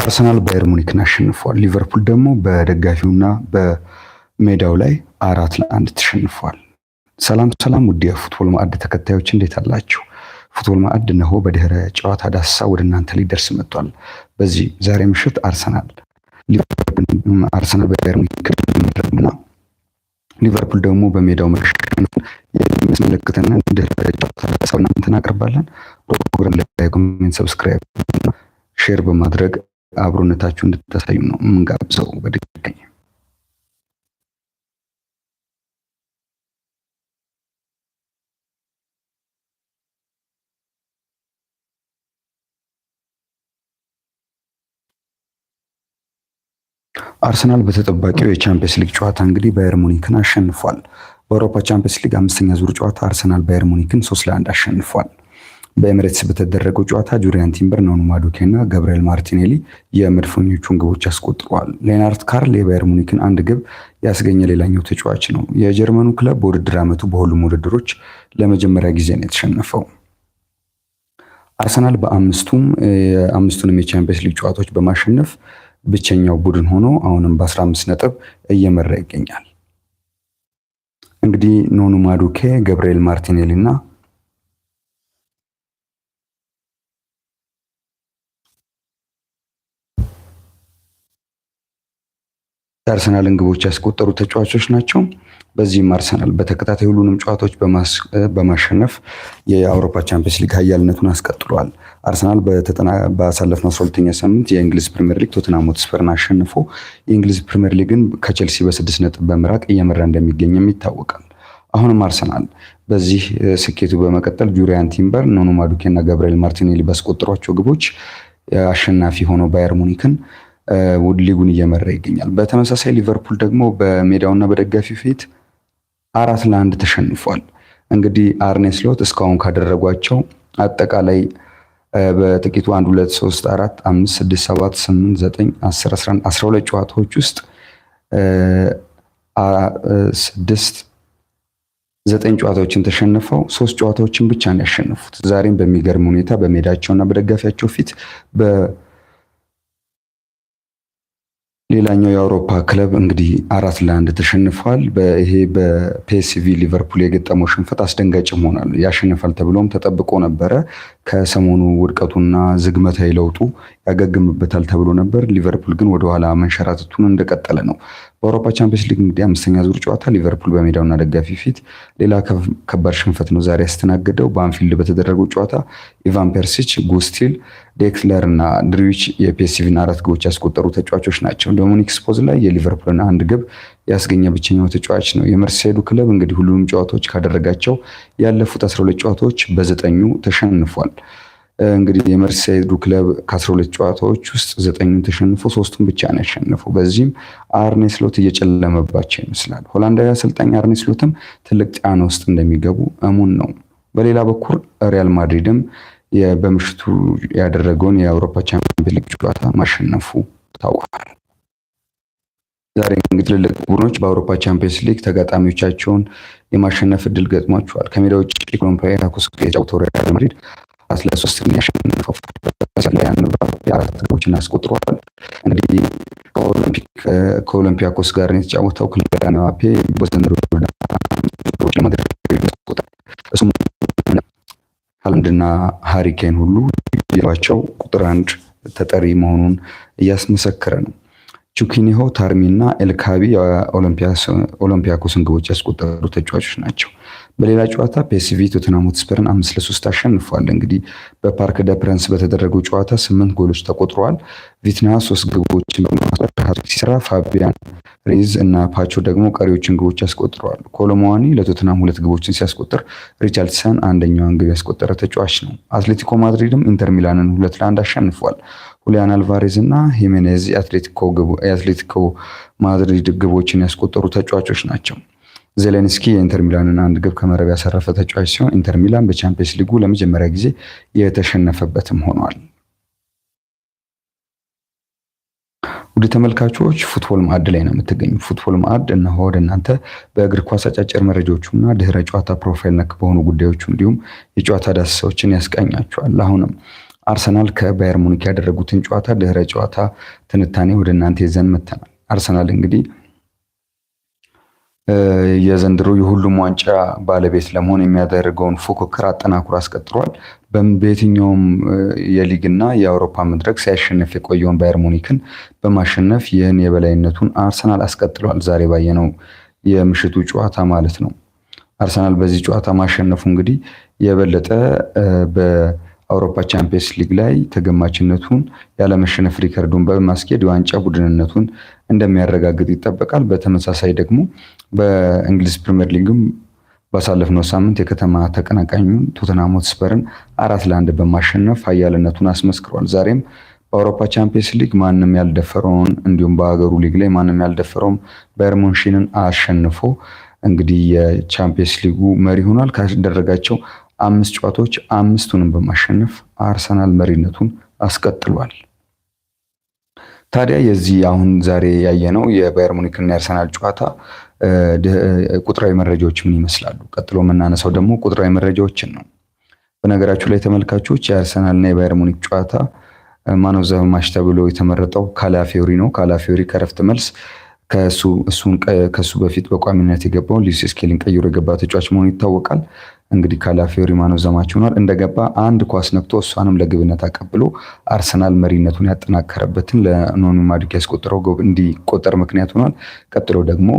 አርሰናል ባየር ሙኒክን አሸንፏል። ሊቨርፑል ደግሞ በደጋፊውና በሜዳው ላይ አራት ለአንድ ተሸንፏል። ሰላም ሰላም፣ ውድ የፉትቦል ማዕድ ተከታዮች እንዴት አላችሁ? ፉትቦል ማዕድ እነሆ በድህረ ጨዋታ ዳሰሳ ወደ እናንተ ሊደርስ መጥቷል። በዚህ ዛሬ ምሽት አርሰናል አርሰናል ባየር ሙኒክና ሊቨርፑል ደግሞ በሜዳው መሸነፍ የሚያስመለክተን ድህረ ጨዋታ ዳሰሳ እናንተን እናቀርባለን። ፕሮግራም ላይ ኮሜንት፣ ሰብስክራይብ ሼር በማድረግ አብሮነታችሁ እንድታሳዩ ነው የምንጋብዘው በድጋሚ። አርሰናል በተጠባቂው የቻምፒየንስ ሊግ ጨዋታ እንግዲህ ባየር ሙኒክን አሸንፏል። በአውሮፓ ቻምፒየንስ ሊግ አምስተኛ ዙር ጨዋታ አርሰናል ባየር ሙኒክን ሶስት ለአንድ አሸንፏል። በኤምሬትስ በተደረገው ጨዋታ ጁሪያን ቲምበር፣ ናኒ ማዱኬ እና ገብርኤል ማርቲኔሊ የመድፈኞቹን ግቦች አስቆጥረዋል። ሌናርት ካርል የባየር ሙኒክን አንድ ግብ ያስገኘ ሌላኛው ተጫዋች ነው። የጀርመኑ ክለብ በውድድር ዓመቱ በሁሉም ውድድሮች ለመጀመሪያ ጊዜ ነው የተሸነፈው። አርሰናል በአምስቱም የአምስቱንም የቻምፒየንስ ሊግ ጨዋታዎች በማሸነፍ ብቸኛው ቡድን ሆኖ አሁንም በ15 ነጥብ እየመራ ይገኛል። እንግዲህ ኖኑ ማዱኬ፣ ገብርኤል ማርቲኔሊ እና የአርሰናልን ግቦች ያስቆጠሩ ተጫዋቾች ናቸው። በዚህም አርሰናል በተከታታይ ሁሉንም ጨዋታዎች በማሸነፍ የአውሮፓ ቻምፒየንስ ሊግ ኃያልነቱን አስቀጥሏል። አርሰናል ባሳለፍነው 12ኛ ሳምንት የእንግሊዝ ፕሪምየር ሊግ ቶትናም ሆትስፐርን አሸንፎ የእንግሊዝ ፕሪምየር ሊግን ከቼልሲ በስድስት ነጥብ በምራቅ እየመራ እንደሚገኝም ይታወቃል። አሁንም አርሰናል በዚህ ስኬቱ በመቀጠል ጁሪያን ቲምበር፣ ኖኖ ማዱኬ እና ገብርኤል ማርቲኔሊ ባስቆጠሯቸው ግቦች አሸናፊ ሆኖ ባየር ሙኒክን ሊጉን እየመራ ይገኛል። በተመሳሳይ ሊቨርፑል ደግሞ በሜዳውና በደጋፊው ፊት አራት ለአንድ ተሸንፏል። እንግዲህ አርኔ ስሎት እስካሁን ካደረጓቸው አጠቃላይ በጥቂቱ አንድ ሁለት ሶስት አራት አምስት ስድስት ሰባት ስምንት ዘጠኝ አስር አስራ አንድ አስራ ሁለት ጨዋታዎች ውስጥ ስድስት ዘጠኝ ጨዋታዎችን ተሸንፈው ሶስት ጨዋታዎችን ብቻ ነው ያሸነፉት። ዛሬም በሚገርም ሁኔታ በሜዳቸውና በደጋፊያቸው ፊት ሌላኛው የአውሮፓ ክለብ እንግዲህ አራት ለአንድ ተሸንፏል። ይሄ በፒኤስቪ ሊቨርፑል የገጠመው ሽንፈት አስደንጋጭም ሆናል። ያሸንፋል ተብሎም ተጠብቆ ነበረ። ከሰሞኑ ውድቀቱና ዝግመታዊ ለውጡ ያገግምበታል ተብሎ ነበር። ሊቨርፑል ግን ወደኋላ መንሸራተቱን እንደቀጠለ ነው። በአውሮፓ ቻምፒየንስ ሊግ እንግዲህ አምስተኛ ዙር ጨዋታ ሊቨርፑል በሜዳውና ደጋፊ ፊት ሌላ ከባድ ሽንፈት ነው ዛሬ ያስተናገደው። በአንፊልድ በተደረገው ጨዋታ ኢቫን ፐርሲች፣ ጉስቲል፣ ዴክለር እና ድሪዊች የፒኤስቪን አራት ግቦች ያስቆጠሩ ተጫዋቾች ናቸው። ዶሚኒክ ስፖዝ ላይ የሊቨርፑልን አንድ ግብ ያስገኘ ብቸኛው ተጫዋች ነው። የመርሴዱ ክለብ እንግዲህ ሁሉንም ጨዋታዎች ካደረጋቸው ያለፉት 12 ጨዋታዎች በዘጠኙ ተሸንፏል። እንግዲህ የመርሴይዱ ክለብ ከ12 ጨዋታዎች ውስጥ ዘጠኙን ተሸንፎ ሶስቱን ብቻ ነው ያሸነፈው። በዚህም አርኔ ስሎት እየጨለመባቸው ይመስላል። ሆላንዳዊ አሰልጣኝ አርኔ ስሎትም ትልቅ ጫና ውስጥ እንደሚገቡ እሙን ነው። በሌላ በኩል ሪያል ማድሪድም በምሽቱ ያደረገውን የአውሮፓ ቻምፒዮንስ ሊግ ጨዋታ ማሸነፉ ታውቋል። ዛሬ እንግዲህ ትልልቅ ቡድኖች በአውሮፓ ቻምፒየንስ ሊግ ተጋጣሚዎቻቸውን የማሸነፍ እድል ገጥሟቸዋል። ከሜዳ ውጭ ኮሎምፒያ የተጫወተው ሪያል ማድሪድ አራት ለሶስት የሚያሸንፈው ላይ አራት ግቦችን አስቆጥሯል። እንግዲህ ከኦሎምፒያኮስ ጋር የተጫወተው ክሊያን ምባፔ በዘንድሮ እሱም ሃላንድና ሀሪኬን ሁሉ ባቸው ቁጥር አንድ ተጠሪ መሆኑን እያስመሰከረ ነው። ቹኪኒሆ ታርሚና ኤልካቢ የኦሎምፒያኮስን ግቦች ያስቆጠሩ ተጫዋቾች ናቸው። በሌላ ጨዋታ ፒኤስቪ ቶተናም ሆትስፐርን አምስት ለሶስት አሸንፏል። እንግዲህ በፓርክ ደ ፕረንስ በተደረገው ጨዋታ ስምንት ጎሎች ተቆጥረዋል። ቪትና ሶስት ግቦችን በማስቆጠር ሲሰራ ፋቢያን ሪዝ እና ፓቾ ደግሞ ቀሪዎችን ግቦች ያስቆጥረዋል። ኮሎማዋኒ ለቶተንሃም ሁለት ግቦችን ሲያስቆጥር ሪቻርድሰን አንደኛዋን ግብ ያስቆጠረ ተጫዋች ነው። አትሌቲኮ ማድሪድም ኢንተር ሚላንን ሁለት ለአንድ አሸንፏል። ሁሊያን አልቫሬዝ እና ሂሜኔዝ የአትሌቲኮ ማድሪድ ግቦችን ያስቆጠሩ ተጫዋቾች ናቸው። ዜሌንስኪ የኢንተር ሚላንን አንድ ግብ ከመረብ ያሰረፈ ተጫዋች ሲሆን ኢንተር ሚላን በቻምፒየንስ ሊጉ ለመጀመሪያ ጊዜ የተሸነፈበትም ሆኗል። ውድ ተመልካቾች ፉትቦል ማዕድ ላይ ነው የምትገኙ። ፉትቦል ማዕድ እነሆ ወደ እናንተ በእግር ኳስ አጫጭር መረጃዎቹ እና ድህረ ጨዋታ ፕሮፋይል ነክ በሆኑ ጉዳዮቹ እንዲሁም የጨዋታ ዳሰሳዎችን ያስቃኛቸዋል። አሁንም አርሰናል ከባየር ሙኒክ ያደረጉትን ጨዋታ ድህረ ጨዋታ ትንታኔ ወደ እናንተ ይዘን መተናል። አርሰናል እንግዲህ የዘንድሮ የሁሉም ዋንጫ ባለቤት ለመሆን የሚያደርገውን ፉክክር አጠናክሮ አስቀጥሯል። በየትኛውም የሊግና የአውሮፓ መድረክ ሲያሸንፍ የቆየውን ባየር ሙኒክን በማሸነፍ ይህን የበላይነቱን አርሰናል አስቀጥሏል። ዛሬ ባየነው የምሽቱ ጨዋታ ማለት ነው። አርሰናል በዚህ ጨዋታ ማሸነፉ እንግዲህ የበለጠ በአውሮፓ ቻምፒየንስ ሊግ ላይ ተገማችነቱን ያለመሸነፍ ሪከርዱን በማስኬድ የዋንጫ ቡድንነቱን እንደሚያረጋግጥ ይጠበቃል። በተመሳሳይ ደግሞ በእንግሊዝ ፕሪምየር ሊግም ባሳለፍነው ሳምንት የከተማ ተቀናቃኙን ቶተናም ሆትስፐርን አራት ለአንድ በማሸነፍ ኃያልነቱን አስመስክሯል። ዛሬም በአውሮፓ ቻምፒየንስ ሊግ ማንም ያልደፈረውን እንዲሁም በሀገሩ ሊግ ላይ ማንም ያልደፈረውም ባየር ሙንሽንን አሸንፎ እንግዲህ የቻምፒየንስ ሊጉ መሪ ሆኗል። ካደረጋቸው አምስት ጨዋታዎች አምስቱንም በማሸነፍ አርሰናል መሪነቱን አስቀጥሏል። ታዲያ የዚህ አሁን ዛሬ ያየነው የባየር ሙኒክና የአርሰናል ጨዋታ ቁጥራዊ መረጃዎች ምን ይመስላሉ? ቀጥሎ የምናነሳው ደግሞ ቁጥራዊ መረጃዎችን ነው። በነገራችሁ ላይ ተመልካቾች የአርሰናል እና የባየር ሙኒክ ጨዋታ ማን ኦፍ ዘ ማች ተብሎ የተመረጠው ካላፊዮሪ ነው። ካላፊዮሪ ከረፍት መልስ ከእሱ በፊት በቋሚነት የገባውን ሉዊስ ስኬሊን ቀይሮ የገባ ተጫዋች መሆኑ ይታወቃል። እንግዲህ ካላፊዮሪ ማን ኦፍ ዘ ማች ሆኗል። እንደገባ አንድ ኳስ ነክቶ እሷንም ለግብነት አቀብሎ አርሰናል መሪነቱን ያጠናከረበትን ለኖኒ ማዱኬ ያስቆጠረው እንዲቆጠር ምክንያት ሆኗል። ቀጥሎ ደግሞ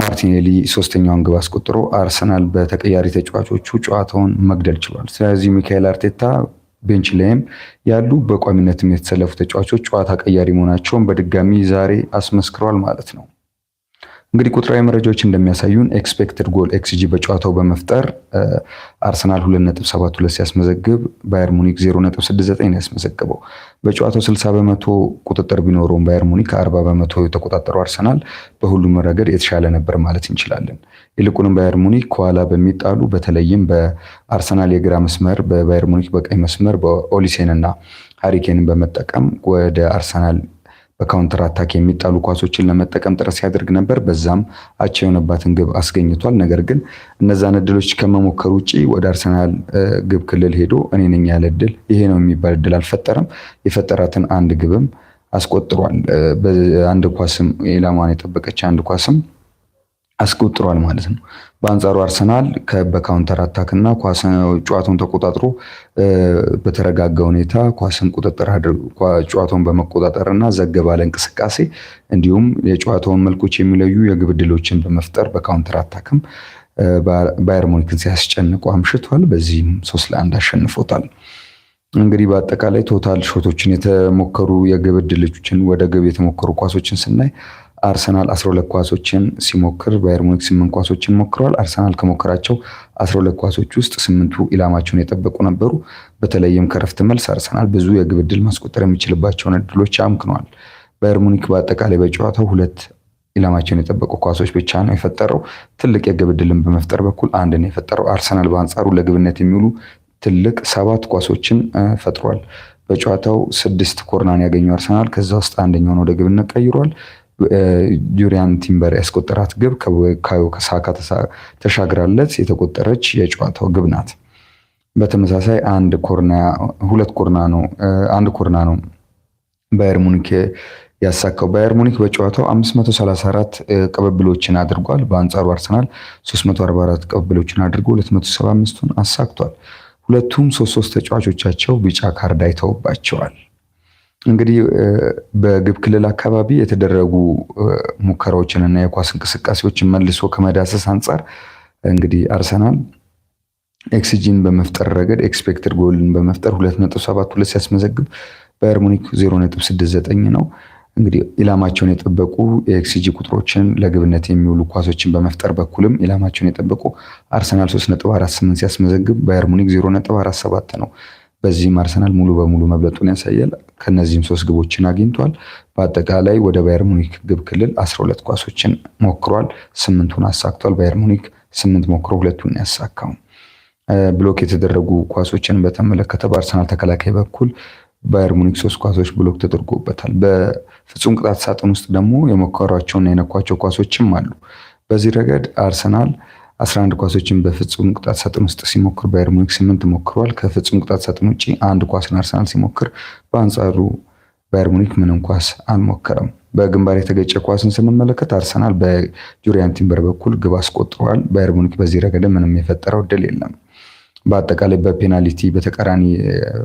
ማርቲኔሊ ሶስተኛውን ግብ አስቆጥሮ አርሰናል በተቀያሪ ተጫዋቾቹ ጨዋታውን መግደል ችሏል። ስለዚህ ሚካኤል አርቴታ ቤንች ላይም ያሉ በቋሚነትም የተሰለፉ ተጫዋቾች ጨዋታ ቀያሪ መሆናቸውን በድጋሚ ዛሬ አስመስክሯል ማለት ነው። እንግዲህ ቁጥራዊ መረጃዎች እንደሚያሳዩን ኤክስፔክትድ ጎል ኤክስጂ በጨዋታው በመፍጠር አርሰናል 2.72 ሲያስመዘግብ ባየር ሙኒክ 0.69 ነው ያስመዘግበው። በጨዋታው 60 በመቶ ቁጥጥር ቢኖረውም ባየር ሙኒክ 40 በመቶ የተቆጣጠረው አርሰናል በሁሉም ረገድ የተሻለ ነበር ማለት እንችላለን። ይልቁንም ባየር ሙኒክ ከኋላ በሚጣሉ በተለይም በአርሰናል የግራ መስመር፣ በባየር ሙኒክ በቀኝ መስመር በኦሊሴንና ሃሪኬንን በመጠቀም ወደ አርሰናል በካውንተር አታክ የሚጣሉ ኳሶችን ለመጠቀም ጥረት ሲያደርግ ነበር። በዛም አቻ የሆነባትን ግብ አስገኝቷል። ነገር ግን እነዛን እድሎች ከመሞከር ውጭ ወደ አርሰናል ግብ ክልል ሄዶ እኔ ነኝ ያለ እድል ይሄ ነው የሚባል እድል አልፈጠረም። የፈጠራትን አንድ ግብም አስቆጥሯል። አንድ ኳስም ኢላማን የጠበቀች አንድ ኳስም አስቆጥሯል ማለት ነው። በአንጻሩ አርሰናል በካውንተር አታክ እና ጨዋታውን ተቆጣጥሮ በተረጋጋ ሁኔታ ኳስን ቁጥጥር ጨዋታውን በመቆጣጠር እና ዘገባለ እንቅስቃሴ እንዲሁም የጨዋታውን መልኮች የሚለዩ የግብ ዕድሎችን በመፍጠር በካውንተር አታክም ባየር ሙኒክን ሲያስጨንቁ አምሽቷል። በዚህም ሶስት ለአንድ አሸንፎታል። እንግዲህ በአጠቃላይ ቶታል ሾቶችን የተሞከሩ የግብ ዕድሎችን ወደ ግብ የተሞከሩ ኳሶችን ስናይ አርሰናል 12 ኳሶችን ሲሞክር ባየር ሙኒክ 8 ኳሶችን ሞክረዋል። አርሰናል ከሞከራቸው 12 ኳሶች ውስጥ ስምንቱ ኢላማቸውን የጠበቁ ነበሩ። በተለይም ከረፍት መልስ አርሰናል ብዙ የግብ ዕድል ማስቆጠር የሚችልባቸውን እድሎች አምክነዋል። ባየር ሙኒክ በአጠቃላይ በጨዋታው ሁለት ኢላማቸውን የጠበቁ ኳሶች ብቻ ነው የፈጠረው። ትልቅ የግብ ዕድልን በመፍጠር በኩል አንድ ነው የፈጠረው። አርሰናል በአንጻሩ ለግብነት የሚውሉ ትልቅ ሰባት ኳሶችን ፈጥሯል። በጨዋታው ስድስት ኮርናን ያገኘው አርሰናል ከዛ ውስጥ አንደኛውን ወደ ግብነት ቀይሯል። ጁሪያን ቲምበር ያስቆጠራት ግብ ከቡካዮ ሳካ ተሻግራለት የተቆጠረች የጨዋታው ግብ ናት። በተመሳሳይ አንድ ኮርና ሁለት ኮርና ነው አንድ ኮርና ነው ባየር ሙኒክ ያሳካው። ባየር ሙኒክ በጨዋታው 534 ቅብብሎችን አድርጓል። በአንጻሩ አርሰናል 344 ቅብብሎችን አድርጎ 275ቱን አሳክቷል። ሁለቱም ሶስት ሶስት ተጫዋቾቻቸው ቢጫ ካርድ አይተውባቸዋል። እንግዲህ በግብ ክልል አካባቢ የተደረጉ ሙከራዎችን እና የኳስ እንቅስቃሴዎችን መልሶ ከመዳሰስ አንጻር እንግዲህ አርሰናል ኤክስጂን በመፍጠር ረገድ ኤክስፔክትድ ጎልን በመፍጠር 2.72 ሲያስመዘግብ ባየር ሙኒክ 0.69 ነው። እንግዲህ ኢላማቸውን የጠበቁ የኤክስጂ ቁጥሮችን ለግብነት የሚውሉ ኳሶችን በመፍጠር በኩልም ኢላማቸውን የጠበቁ አርሰናል 3.48 ሲያስመዘግብ ባየር ሙኒክ 0.47 ነው። በዚህም አርሰናል ሙሉ በሙሉ መብለጡን ያሳያል። ከነዚህም ሶስት ግቦችን አግኝቷል። በአጠቃላይ ወደ ባየር ሙኒክ ግብ ክልል 12 ኳሶችን ሞክሯል፣ ስምንቱን አሳክቷል። ባየር ሙኒክ ስምንት ሞክሮ ሁለቱን ያሳካው። ብሎክ የተደረጉ ኳሶችን በተመለከተ በአርሰናል ተከላካይ በኩል ባየር ሙኒክ ሶስት ኳሶች ብሎክ ተደርጎበታል። በፍጹም ቅጣት ሳጥን ውስጥ ደግሞ የሞከሯቸውና የነኳቸው ኳሶችም አሉ። በዚህ ረገድ አርሰናል 11 ኳሶችን በፍጹም ቅጣት ሳጥን ውስጥ ሲሞክር ባየር ሙኒክ ስምንት ሞክሯል። ከፍጹም ቅጣት ሳጥን ውጭ አንድ ኳስን አርሰናል ሲሞክር፣ በአንጻሩ ባየር ሙኒክ ምንም ኳስ አልሞከረም። በግንባር የተገጨ ኳስን ስንመለከት አርሰናል በጁሪያን ቲምበር በኩል ግብ አስቆጥሯል። ባየር ሙኒክ በዚህ ረገድ ምንም የፈጠረው ድል የለም። በአጠቃላይ በፔናልቲ በተቃራኒ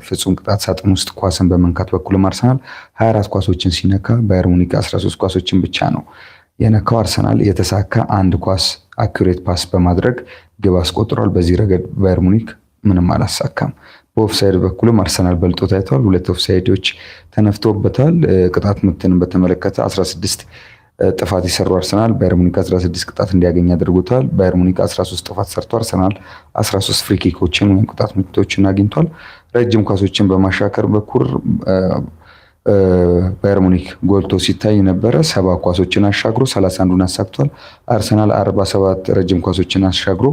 ፍጹም ቅጣት ሳጥን ውስጥ ኳስን በመንካት በኩልም አርሰናል 24 ኳሶችን ሲነካ ባየር ሙኒክ 13 ኳሶችን ብቻ ነው የነካው። አርሰናል የተሳካ አንድ ኳስ አኩሬት ፓስ በማድረግ ግብ አስቆጥሯል። በዚህ ረገድ ባየር ሙኒክ ምንም አላሳካም። በኦፍሳይድ በኩልም አርሰናል በልጦ ታይተዋል። ሁለት ኦፍሳይዶች ተነፍቶበታል። ቅጣት ምትን በተመለከተ 16 ጥፋት የሰሩ አርሰናል ባየር ሙኒክ 16 ቅጣት እንዲያገኝ አድርጎታል። ባየር ሙኒክ 13 ጥፋት ሰርቶ አርሰናል 13 ፍሪኪኮችን ወይም ቅጣት ምቶችን አግኝቷል። ረጅም ኳሶችን በማሻከር በኩር ባየር ሙኒክ ጎልቶ ሲታይ ነበረ። ሰባ ኳሶችን አሻግሮ ሰላሳ አንዱን አሳክቷል። አርሰናል አርባ ሰባት ረጅም ኳሶችን አሻግሮ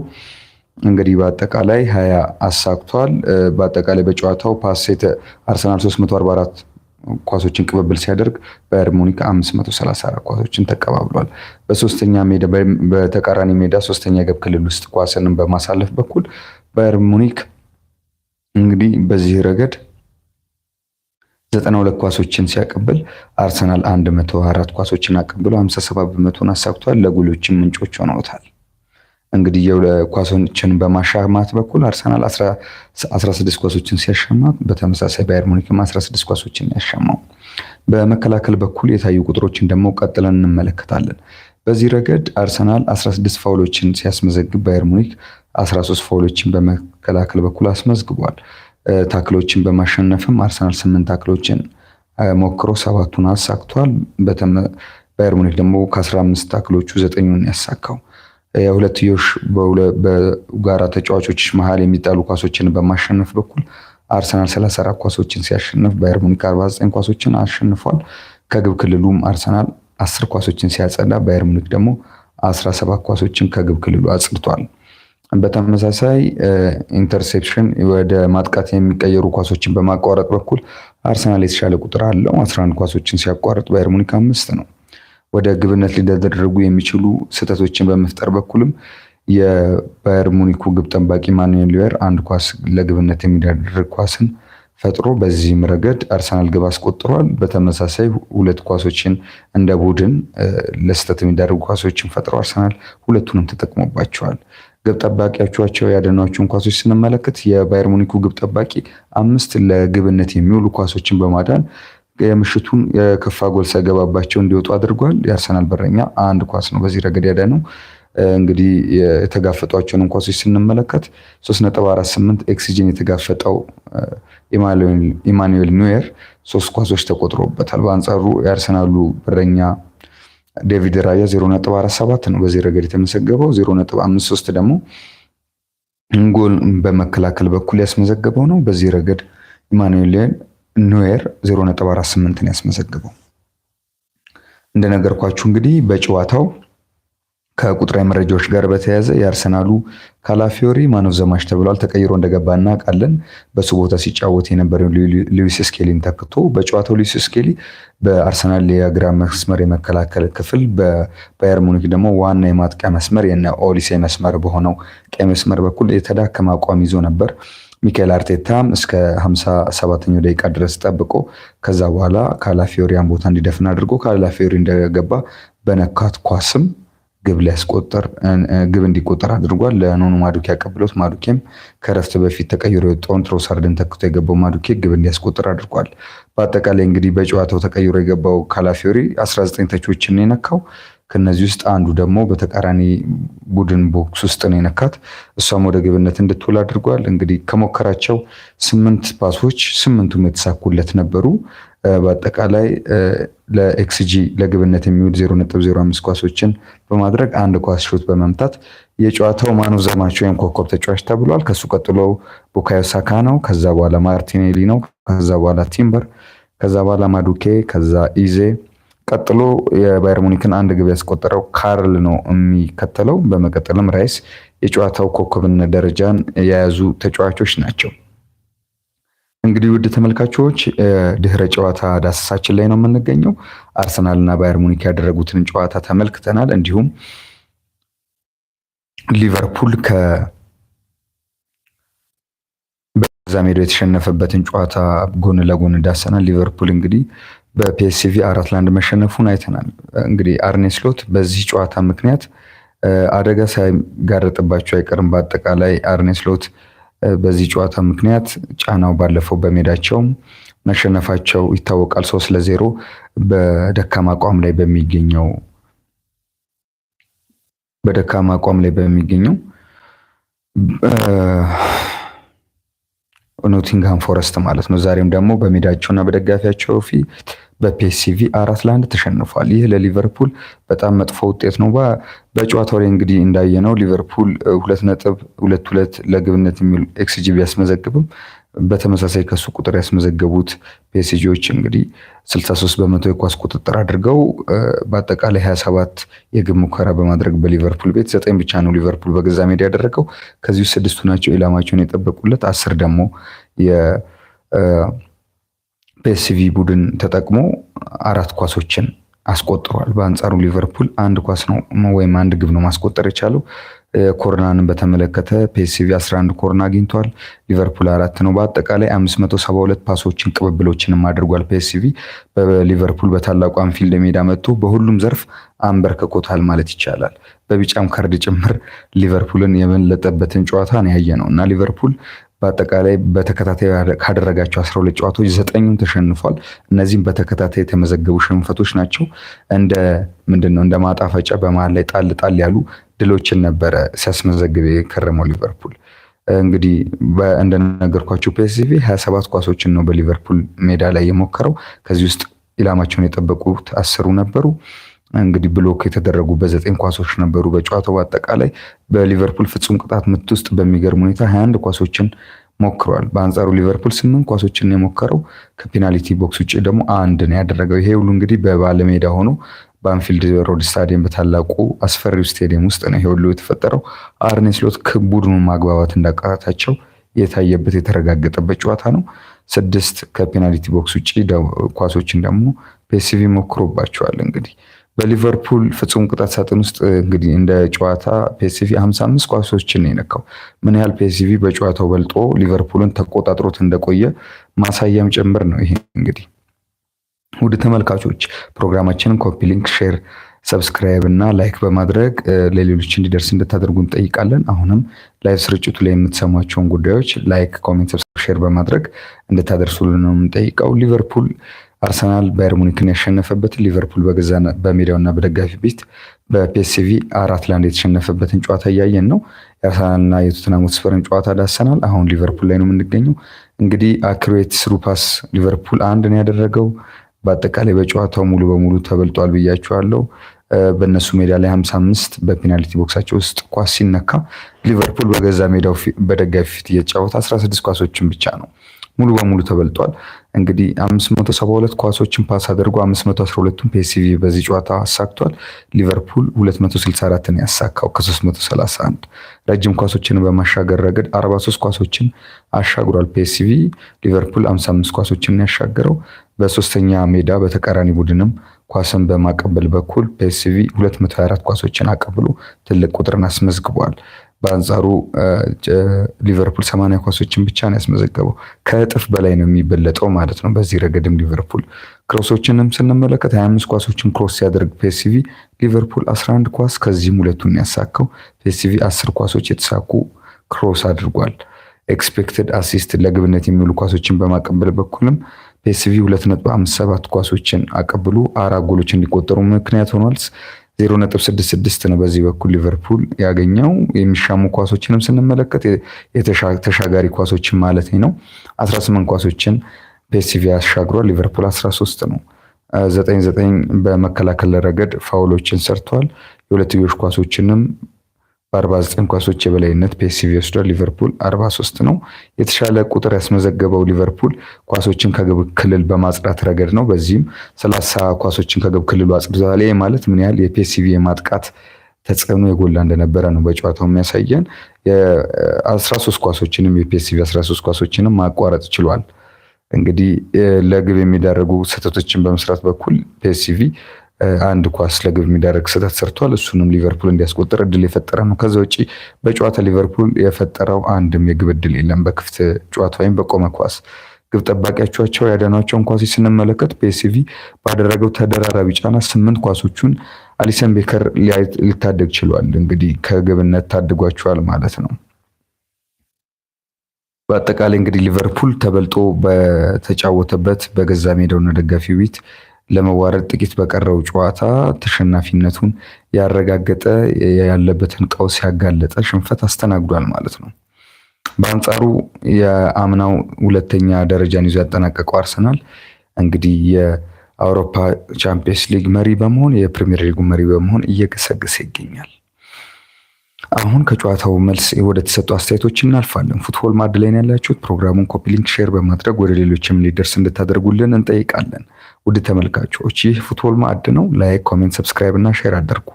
እንግዲህ በአጠቃላይ ሀያ አሳክቷል። በአጠቃላይ በጨዋታው ፓሴት አርሰናል 344 ኳሶችን ቅብብል ሲያደርግ ባየር ሙኒክ 534 ኳሶችን ተቀባብሏል። በሶስተኛ ሜዳ በተቃራኒ ሜዳ ሶስተኛ ገብ ክልል ውስጥ ኳስንም በማሳለፍ በኩል ባየር ሙኒክ እንግዲህ በዚህ ረገድ ዘጠና ሁለት ኳሶችን ሲያቀብል አርሰናል አንድ መቶ አራት ኳሶችን አቀብሎ ሀምሳ ሰባት በመቶን አሳክቷል። ለጎሎችም ምንጮች ሆነውታል። እንግዲህ ኳሶችን በማሻማት በኩል አርሰናል 16 ኳሶችን ሲያሻማ በተመሳሳይ ባየር ሙኒክም 16 ኳሶችን ያሻማው። በመከላከል በኩል የታዩ ቁጥሮችን ደግሞ ቀጥለን እንመለከታለን። በዚህ ረገድ አርሰናል 16 ፋውሎችን ሲያስመዘግብ ባየር ሙኒክ 13 ፋውሎችን በመከላከል በኩል አስመዝግቧል። ታክሎችን በማሸነፍም አርሰናል ስምንት ታክሎችን ሞክሮ ሰባቱን አሳክቷል። ባየር ሙኒክ ደግሞ ከአስራ አምስት ታክሎቹ ዘጠኙን ያሳካው የሁለትዮሽ በጋራ ተጫዋቾች መሀል የሚጣሉ ኳሶችን በማሸነፍ በኩል አርሰናል 34 ኳሶችን ሲያሸንፍ ባየር ሙኒክ 49 ኳሶችን አሸንፏል። ከግብ ክልሉም አርሰናል አስር ኳሶችን ሲያጸዳ ባየር ሙኒክ ደግሞ 17 ኳሶችን ከግብ ክልሉ አጽድቷል። በተመሳሳይ ኢንተርሴፕሽን ወደ ማጥቃት የሚቀየሩ ኳሶችን በማቋረጥ በኩል አርሰናል የተሻለ ቁጥር አለው። 11 ኳሶችን ሲያቋርጥ ባየር ሙኒክ አምስት ነው። ወደ ግብነት ሊደረጉ የሚችሉ ስህተቶችን በመፍጠር በኩልም የባየር ሙኒኩ ግብ ጠባቂ ማኑኤል ዌር አንድ ኳስ ለግብነት የሚደረግ ኳስን ፈጥሮ በዚህም ረገድ አርሰናል ግብ አስቆጥሯል። በተመሳሳይ ሁለት ኳሶችን እንደ ቡድን ለስህተት የሚደረጉ ኳሶችን ፈጥሮ አርሰናል ሁለቱንም ተጠቅሞባቸዋል። ግብ ጠባቂያቸው ያደኗቸውን ኳሶች ስንመለከት የባየር ሙኒኩ ግብ ጠባቂ አምስት ለግብነት የሚውሉ ኳሶችን በማዳን የምሽቱን የከፋ ጎል ሳይገባባቸው እንዲወጡ አድርጓል። የአርሰናል በረኛ አንድ ኳስ ነው በዚህ ረገድ ያዳነው። እንግዲህ የተጋፈጧቸውን ኳሶች ስንመለከት 3.48 ኤክስጂን የተጋፈጠው ኢማኑኤል ኒዌር ሶስት ኳሶች ተቆጥሮበታል። በአንጻሩ የአርሰናሉ በረኛ ዴቪድ ራያ 0.47 ነው በዚህ ረገድ የተመዘገበው። 0.53 ደግሞ ጎል በመከላከል በኩል ያስመዘገበው ነው። በዚህ ረገድ ኢማኑኤል ኖየር 0.48 ነው ያስመዘገበው። እንደነገርኳችሁ እንግዲህ በጨዋታው ከቁጥራዊ መረጃዎች ጋር በተያያዘ የአርሰናሉ ካላፊዮሪ ማን ኦፍ ተብሏል። ተቀይሮ እንደገባ እናውቃለን። በሱ ቦታ ሲጫወት የነበረው ሉዊስ ስኬሊን ተክቶ በጨዋታው ሉዊስ ስኬሊ በአርሰናል የግራ መስመር የመከላከል ክፍል፣ በባየር ሙኒክ ደግሞ ዋና የማጥቂያ መስመር የነ ኦሊሴ መስመር በሆነው ቀይ መስመር በኩል የተዳከመ አቋም ይዞ ነበር። ሚካኤል አርቴታም እስከ 57ኛው ደቂቃ ድረስ ጠብቆ ከዛ በኋላ ካላፊዮሪያን ቦታ እንዲደፍን አድርጎ ካላፊዮሪ እንደገባ በነካት ኳስም ግብ ሊያስቆጠር ግብ እንዲቆጠር አድርጓል። ለኖኑ ማዱኬ ያቀብሎት ማዱኬም ከረፍት በፊት ተቀይሮ የወጣውን ትሮሳርድን ተክቶ የገባው ማዱኬ ግብ እንዲያስቆጠር አድርጓል። በአጠቃላይ እንግዲህ በጨዋታው ተቀይሮ የገባው ካላፊዮሪ 19 ተቾችን የነካው ከነዚህ ውስጥ አንዱ ደግሞ በተቃራኒ ቡድን ቦክስ ውስጥ ነው የነካት። እሷም ወደ ግብነት እንድትውል አድርጓል። እንግዲህ ከሞከራቸው ስምንት ፓሶች ስምንቱም የተሳኩለት ነበሩ። በአጠቃላይ ለኤክስጂ ለግብነት የሚውል 0.05 ኳሶችን በማድረግ አንድ ኳስ ሹት በመምታት የጨዋታው ማን ኦፍ ዘ ማች ወይም ኮከብ ተጫዋች ተብሏል። ከሱ ቀጥሎ ቡካዮ ሳካ ነው። ከዛ በኋላ ማርቲኔሊ ነው። ከዛ በኋላ ቲምበር፣ ከዛ በኋላ ማዱኬ፣ ከዛ ኢዜ ቀጥሎ የባየር ሙኒክን አንድ ግብ ያስቆጠረው ካርል ነው የሚከተለው። በመቀጠልም ራይስ የጨዋታው ኮከብነት ደረጃን የያዙ ተጫዋቾች ናቸው። እንግዲህ ውድ ተመልካቾች ድህረ ጨዋታ ዳሰሳችን ላይ ነው የምንገኘው። አርሰናል እና ባየር ሙኒክ ያደረጉትን ጨዋታ ተመልክተናል። እንዲሁም ሊቨርፑል ከበዛ ሜዳ የተሸነፈበትን ጨዋታ ጎን ለጎን ዳሰናል። ሊቨርፑል እንግዲህ በፒኤስቪ አራት ለአንድ መሸነፉን አይተናል። እንግዲህ አርኔ ስሎት በዚህ ጨዋታ ምክንያት አደጋ ሳይጋረጥባቸው አይቀርም። በአጠቃላይ አርኔ ስሎት በዚህ ጨዋታ ምክንያት ጫናው ባለፈው በሜዳቸውም መሸነፋቸው ይታወቃል። ሶስት ለዜሮ በደካማ አቋም ላይ በሚገኘው በደካማ አቋም ላይ በሚገኘው ኖቲንግሃም ፎረስት ማለት ነው። ዛሬም ደግሞ በሜዳቸውና በደጋፊያቸው ፊት በፒኤስቪ አራት ለአንድ ተሸንፏል። ይህ ለሊቨርፑል በጣም መጥፎ ውጤት ነው። በጨዋታው ላይ እንግዲህ እንዳየነው ሊቨርፑል ሁለት ነጥብ ሁለት ሁለት ለግብነት የሚሉ ኤክስጂ ቢያስመዘግብም በተመሳሳይ ከሱ ቁጥር ያስመዘገቡት ፔሲጂዎች እንግዲህ 63 በመቶ የኳስ ቁጥጥር አድርገው በአጠቃላይ 27 የግብ ሙከራ በማድረግ በሊቨርፑል ቤት ዘጠኝ ብቻ ነው ሊቨርፑል በገዛ ሜዳ ያደረገው። ከዚህ ስድስቱ ናቸው ኢላማቸውን የጠበቁለት፣ አስር ደግሞ የፔሲቪ ቡድን ተጠቅሞ አራት ኳሶችን አስቆጥሯል። በአንጻሩ ሊቨርፑል አንድ ኳስ ነው ወይም አንድ ግብ ነው ማስቆጠር የቻለው። ኮርናንን በተመለከተ ፒኤስቪ 11 ኮርና አግኝቷል። ሊቨርፑል አራት ነው። በአጠቃላይ 572 ፓሶችን ቅብብሎችንም አድርጓል። ፒኤስቪ በሊቨርፑል በታላቁ አንፊልድ ሜዳ መጥቶ በሁሉም ዘርፍ አንበርክኮታል ማለት ይቻላል። በቢጫም ካርድ ጭምር ሊቨርፑልን የመለጠበትን ጨዋታ ነው ያየ ነው እና ሊቨርፑል በአጠቃላይ በተከታታይ ካደረጋቸው 12 ጨዋታዎች ዘጠኙን ተሸንፏል። እነዚህም በተከታታይ የተመዘገቡ ሽንፈቶች ናቸው። እንደ ምንድን ነው እንደ ማጣፈጫ በመሀል ላይ ጣል ጣል ያሉ ድሎችን ነበረ ሲያስመዘግብ የከረመው ሊቨርፑል። እንግዲህ እንደነገርኳቸው ፒኤስቪ ሀያ ሰባት ኳሶችን ነው በሊቨርፑል ሜዳ ላይ የሞከረው። ከዚህ ውስጥ ኢላማቸውን የጠበቁት አስሩ ነበሩ። እንግዲህ ብሎክ የተደረጉ በዘጠኝ ኳሶች ነበሩ በጨዋታው። በአጠቃላይ በሊቨርፑል ፍጹም ቅጣት ምት ውስጥ በሚገርም ሁኔታ ሀያ አንድ ኳሶችን ሞክረዋል። በአንጻሩ ሊቨርፑል ስምንት ኳሶችን የሞከረው ከፔናልቲ ቦክስ ውጭ ደግሞ አንድ ነው ያደረገው። ይሄ ሁሉ እንግዲህ በባለሜዳ ሆኖ በአንፊልድ ሮድ ስታዲየም በታላቁ አስፈሪው ስታዲየም ውስጥ ነው ይሄ ሁሉ የተፈጠረው። አርኔ ስሎት ቡድኑን ማግባባት እንዳቃታቸው የታየበት የተረጋገጠበት ጨዋታ ነው። ስድስት ከፔናልቲ ቦክስ ውጭ ኳሶችን ደግሞ ፔሲቪ ሞክሮባቸዋል። እንግዲህ በሊቨርፑል ፍጹም ቅጣት ሳጥን ውስጥ እንግዲህ እንደ ጨዋታ ፔሲቪ 55 ኳሶችን ነው የነካው። ምን ያህል ፔሲቪ በጨዋታው በልጦ ሊቨርፑልን ተቆጣጥሮት እንደቆየ ማሳያም ጭምር ነው ይሄ እንግዲህ ውድ ተመልካቾች ፕሮግራማችንን ኮፒ ሊንክ፣ ሼር፣ ሰብስክራይብ እና ላይክ በማድረግ ለሌሎች እንዲደርስ እንድታደርጉ እንጠይቃለን። አሁንም ላይቭ ስርጭቱ ላይ የምትሰማቸውን ጉዳዮች ላይክ፣ ኮሜንት፣ ሰብስክራይብ፣ ሼር በማድረግ እንድታደርሱልን ነው የምንጠይቀው። ሊቨርፑል አርሰናል ባየር ሙኒክን ያሸነፈበትን ሊቨርፑል በገዛ በሜዳውና በደጋፊ ቤት በፒኤስቪ አራት ለአንድ የተሸነፈበትን ጨዋታ እያየን ነው። የአርሰናልና የቶተንሃም ሆትስፐርን ጨዋታ ዳሰናል። አሁን ሊቨርፑል ላይ ነው የምንገኘው። እንግዲህ አክሬት ስሩፓስ ፓስ ሊቨርፑል አንድ ነው ያደረገው። በአጠቃላይ በጨዋታው ሙሉ በሙሉ ተበልጧል ብያቸዋለሁ። በእነሱ ሜዳ ላይ 55 በፔናልቲ ቦክሳቸው ውስጥ ኳስ ሲነካ ሊቨርፑል በገዛ ሜዳው በደጋፊ ፊት እየተጫወተ 16 ኳሶችን ብቻ ነው ሙሉ በሙሉ ተበልጧል። እንግዲህ 572 ኳሶችን ፓስ አድርጎ 512ቱን ፒኤስቪ በዚህ ጨዋታ አሳክቷል። ሊቨርፑል 264ን ያሳካው ከ331 ረጅም ኳሶችን በማሻገር ረገድ 43 ኳሶችን አሻግሯል ፒኤስቪ። ሊቨርፑል 55 ኳሶችን ያሻገረው በሶስተኛ ሜዳ በተቃራኒ ቡድንም ኳስን በማቀበል በኩል ፒኤስቪ 224 ኳሶችን አቀብሎ ትልቅ ቁጥርን አስመዝግቧል። በአንጻሩ ሊቨርፑል 80 ኳሶችን ብቻ ነው ያስመዘገበው። ከእጥፍ በላይ ነው የሚበለጠው ማለት ነው። በዚህ ረገድም ሊቨርፑል ክሮሶችንም ስንመለከት 25 ኳሶችን ክሮስ ሲያደርግ ፒኤስቪ፣ ሊቨርፑል 11 ኳስ ከዚህም ሁለቱን ያሳከው ፒኤስቪ 10 ኳሶች የተሳኩ ክሮስ አድርጓል። ኤክስፔክትድ አሲስት ለግብነት የሚውሉ ኳሶችን በማቀበል በኩልም ፒኤስቪ 2.57 ኳሶችን አቀብሎ አራት ጎሎች እንዲቆጠሩ ምክንያት ሆኗል። 0.66 ነው በዚህ በኩል ሊቨርፑል ያገኘው። የሚሻሙ ኳሶችንም ስንመለከት የተሻጋሪ ኳሶችን ማለት ነው 18 ኳሶችን ፒኤስቪ አሻግሯል። ሊቨርፑል 13 ነው። 99 በመከላከል ረገድ ፋውሎችን ሰርቷል። የሁለትዮሽ ኳሶችንም በ49 ኳሶች የበላይነት ፒኤስቪ ወስዷል። ሊቨርፑል 43 ነው። የተሻለ ቁጥር ያስመዘገበው ሊቨርፑል ኳሶችን ከግብ ክልል በማጽዳት ረገድ ነው። በዚህም 30 ኳሶችን ከግብ ክልሉ አጽድተዋል። ይህ ማለት ምን ያህል የፒኤስቪ የማጥቃት ተጽዕኖ የጎላ እንደነበረ ነው በጨዋታው የሚያሳየን። የ13 ኳሶችንም የፒኤስቪ 13 ኳሶችንም ማቋረጥ ችሏል። እንግዲህ ለግብ የሚደረጉ ስህተቶችን በመስራት በኩል ፒኤስቪ አንድ ኳስ ለግብ የሚዳረግ ስህተት ሰርቷል። እሱንም ሊቨርፑል እንዲያስቆጥር እድል የፈጠረ ነው። ከዛ ውጭ በጨዋታ ሊቨርፑል የፈጠረው አንድም የግብ እድል የለም። በክፍት ጨዋታ ወይም በቆመ ኳስ ግብ ጠባቂያቸው ያዳኗቸውን ኳሶች ስንመለከት ፒኤስቪ ባደረገው ተደራራቢ ጫና ስምንት ኳሶቹን አሊሰን ቤከር ሊታደግ ችሏል። እንግዲህ ከግብነት ታድጓቸዋል ማለት ነው። በአጠቃላይ እንግዲህ ሊቨርፑል ተበልጦ በተጫወተበት በገዛ ሜዳውና ደጋፊው ቤት ለመዋረድ ጥቂት በቀረው ጨዋታ ተሸናፊነቱን ያረጋገጠ ያለበትን ቀውስ ያጋለጠ ሽንፈት አስተናግዷል ማለት ነው። በአንጻሩ የአምናው ሁለተኛ ደረጃን ይዞ ያጠናቀቀው አርሰናል እንግዲህ የአውሮፓ ቻምፒየንስ ሊግ መሪ በመሆን የፕሪሚየር ሊጉ መሪ በመሆን እየገሰገሰ ይገኛል። አሁን ከጨዋታው መልስ ወደ ተሰጡ አስተያየቶች እናልፋለን። ፉትቦል ማዕድ ላይ ያላችሁት ፕሮግራሙን ኮፒሊንክ ሼር በማድረግ ወደ ሌሎችም ሊደርስ እንድታደርጉልን እንጠይቃለን። ውድ ተመልካቾች ይህ ፉትቦል ማዕድ ነው። ላይክ፣ ኮሜንት፣ ሰብስክራይብ እና ሼር አድርጉ።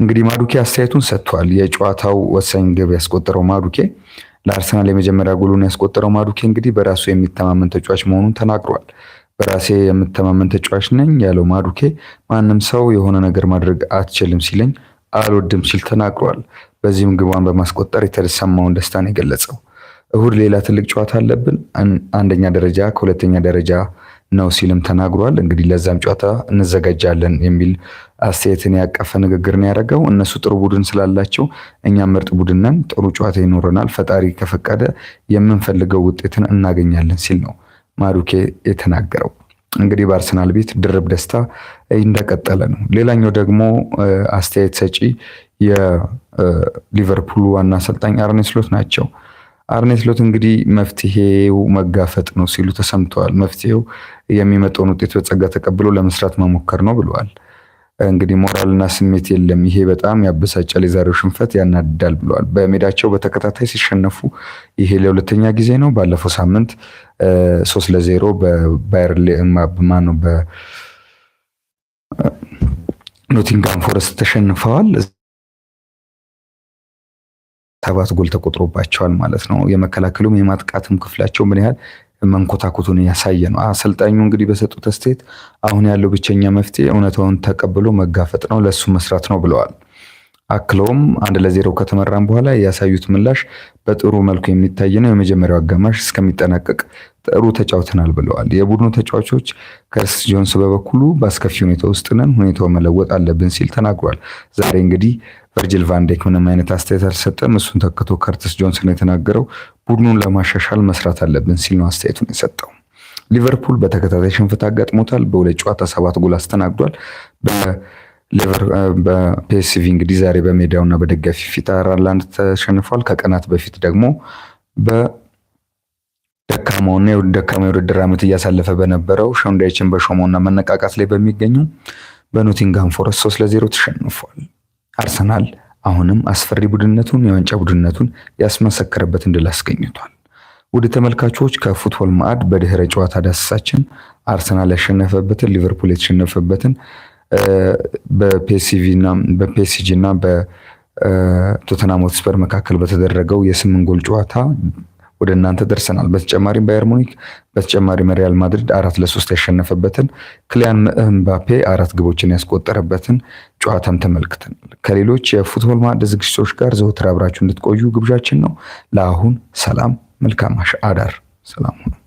እንግዲህ ማዱኬ አስተያየቱን ሰጥቷል። የጨዋታው ወሳኝ ግብ ያስቆጠረው ማዱኬ ለአርሰናል የመጀመሪያ ጎሉን ያስቆጠረው ማዱኬ እንግዲህ በራሱ የሚተማመን ተጫዋች መሆኑን ተናግሯል። በራሴ የምተማመን ተጫዋች ነኝ ያለው ማዱኬ ማንም ሰው የሆነ ነገር ማድረግ አትችልም ሲለኝ አልወድም ሲል ተናግሯል። በዚህም ግቧን በማስቆጠር የተሰማውን ደስታ የገለጸው። እሁድ ሌላ ትልቅ ጨዋታ አለብን። አንደኛ ደረጃ ከሁለተኛ ደረጃ ነው ሲልም ተናግሯል። እንግዲህ ለዛም ጨዋታ እንዘጋጃለን የሚል አስተያየትን ያቀፈ ንግግር ያደረገው። እነሱ ጥሩ ቡድን ስላላቸው እኛም ምርጥ ቡድን ነን፣ ጥሩ ጨዋታ ይኖረናል፣ ፈጣሪ ከፈቀደ የምንፈልገው ውጤትን እናገኛለን ሲል ነው ማዱኬ የተናገረው። እንግዲህ በአርሰናል ቤት ድርብ ደስታ እንደቀጠለ ነው። ሌላኛው ደግሞ አስተያየት ሰጪ የሊቨርፑል ዋና አሰልጣኝ አርኔ ስሎት ናቸው። አርኔ ስሎት እንግዲህ መፍትሄው መጋፈጥ ነው ሲሉ ተሰምተዋል። መፍትሄው የሚመጣውን ውጤት በጸጋ ተቀብሎ ለመስራት መሞከር ነው ብለዋል። እንግዲህ ሞራልና ስሜት የለም፣ ይሄ በጣም ያበሳጫል፣ የዛሬው ሽንፈት ያናድዳል ብለዋል። በሜዳቸው በተከታታይ ሲሸነፉ ይሄ ለሁለተኛ ጊዜ ነው። ባለፈው ሳምንት ሶስት ለዜሮ በኖቲንጋም ፎረስት ተሸንፈዋል። ሰባት ጎል ተቆጥሮባቸዋል ማለት ነው። የመከላከሉም የማጥቃትም ክፍላቸው ምን ያህል መንኮታኮቱን ያሳየ ነው። አሰልጣኙ እንግዲህ በሰጡት አስተያየት አሁን ያለው ብቸኛ መፍትሄ እውነታውን ተቀብሎ መጋፈጥ ነው፣ ለሱ መስራት ነው ብለዋል። አክለውም አንድ ለዜሮ ከተመራን በኋላ ያሳዩት ምላሽ በጥሩ መልኩ የሚታይ ነው። የመጀመሪያው አጋማሽ እስከሚጠናቀቅ ጥሩ ተጫውተናል ብለዋል። የቡድኑ ተጫዋቾች ከርስ ጆንስ በበኩሉ በአስከፊ ሁኔታ ውስጥ ነን፣ ሁኔታው መለወጥ አለብን ሲል ተናግሯል። ዛሬ እንግዲህ ቨርጅል ቫንዴክ ምንም አይነት አስተያየት አልሰጠም። እሱን ተክቶ ከርትስ ጆንሰን የተናገረው ቡድኑን ለማሻሻል መስራት አለብን ሲል ነው አስተያየቱን የሰጠው። ሊቨርፑል በተከታታይ ሽንፈት አጋጥሞታል። በሁለት ጨዋታ ሰባት ጎል አስተናግዷል። በፒኤስቪ እንግዲህ ዛሬ በሜዳውና በደጋፊ ፊት አራላንድ ተሸንፏል። ከቀናት በፊት ደግሞ በደካማውና ደካማ የውድድር ዓመት እያሳለፈ በነበረው ሸንዳይችን በሾመውና መነቃቃት ላይ በሚገኙ በኖቲንግሃም ፎረስት ሶስት ለዜሮ ተሸንፏል። አርሰናል አሁንም አስፈሪ ቡድነቱን የዋንጫ ቡድነቱን ያስመሰከረበትን ድል አስገኝቷል። ውድ ተመልካቾች ከፉትቦል ማዕድ በድህረ ጨዋታ ዳሰሳችን አርሰናል ያሸነፈበትን ሊቨርፑል የተሸነፈበትን በፒኤስጂ እና በቶተናም ሆትስፐር መካከል በተደረገው የስምንት ጎል ጨዋታ ወደ እናንተ ደርሰናል። በተጨማሪም ባየር ሙኒክ በተጨማሪም ሪያል ማድሪድ አራት ለሶስት ያሸነፈበትን ክሊያን ምባፔ አራት ግቦችን ያስቆጠረበትን ጨዋታም ተመልክተናል። ከሌሎች የፉትቦል ማዕድ ዝግጅቶች ጋር ዘውትር አብራችሁ እንድትቆዩ ግብዣችን ነው። ለአሁን ሰላም፣ መልካም አዳር፣ ሰላም ሁኑ።